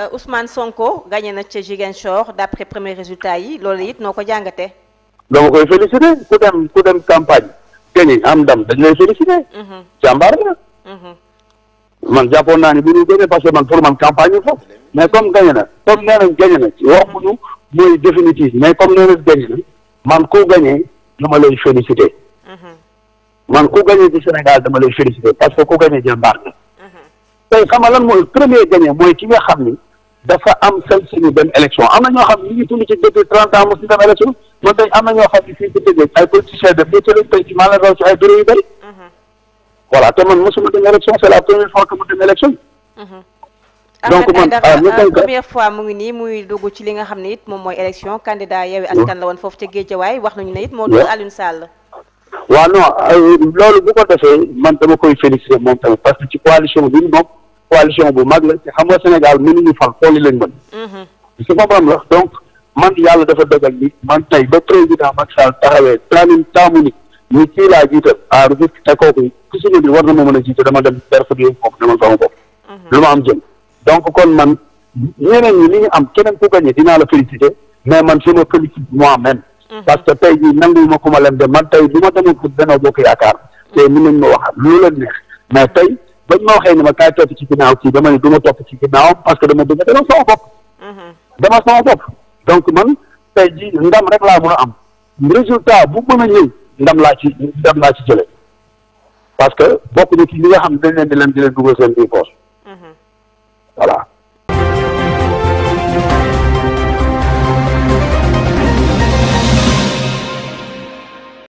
Euh, Ousmane Sonko gagné na ca Ziguinchor d' après premier résultat yi loolu it noo ko jàngatee. dama koy euh, félicité ku dem ku dem campagne gagné am ndam dañ lay félicité. Mhm. jàmbaar la. Mhm. man jàppoon naa ne bu ñu gagné parce que man pour man campagne ñu foofu mais comme gagné na comme nee nañ gagné na ci waxuñu mooy définitive mais comme nee nañ gagné na man ku gagné dama lay félicité. Mhm. man ku gagné ci Sénégal dama lay félicité parce que ku gagné jàmbaar la. tey xam nga lan mooy premier gagné dafa am sel suñu dem élection am na ñoo xam ñu ngi tund ci depuis trente ans mosu ñu dem élection loolu dañ am na ñoo xam ne fii ci Tëngéej ay mosuma dem élection mu mm-hmm. Mm-hmm. donc man ah euh, première ngi nii muy dugg ci li nga xam ne it moom mooy élection candidat Yewwi Askan la woon foofu ca Guédiawaye wax nañu ne it moo dugg Aliou Sall. waaw non euh, loolu bu ko defee man dama koy féliciter moom tamit parce que ci coalition bi moom. coalition bu mag la te xam nga Sénégal mënuñu fal xool yi lañ mën. su comprendre la donc man yàlla dafa dogal ni man tey ba président Macky Sall taxawee taamu taamu nit ñu kii laa jiital à risque te kooku ku si ne bi war na ma mën a jiite dama dem perte bi moom ñu am keneen ku gagné dinaa la féliciter mais man je me félicite moi-même. Mhm. parce que tey jii nanguwuma ku ma leen de man tey bu ma demoon pour Benno Bokk Yaakaar. tey mën nañ ma wax lu leen neex mais tey. bañ ma waxee ni ma kaay topp ci ginnaaw kii dama ne du topp ci ginnaaw parce que dama bëgg a demal sama bopp. Mhm. dama sama bopp donc man tey ji ndam rek laa mën a am résultat bu mën a ñëw ndam laa ci ndam laa ci jëlee parce que bokk na ci li nga xam da dañ leen di leen di leen dugal seen biir poche. Mhm. voilà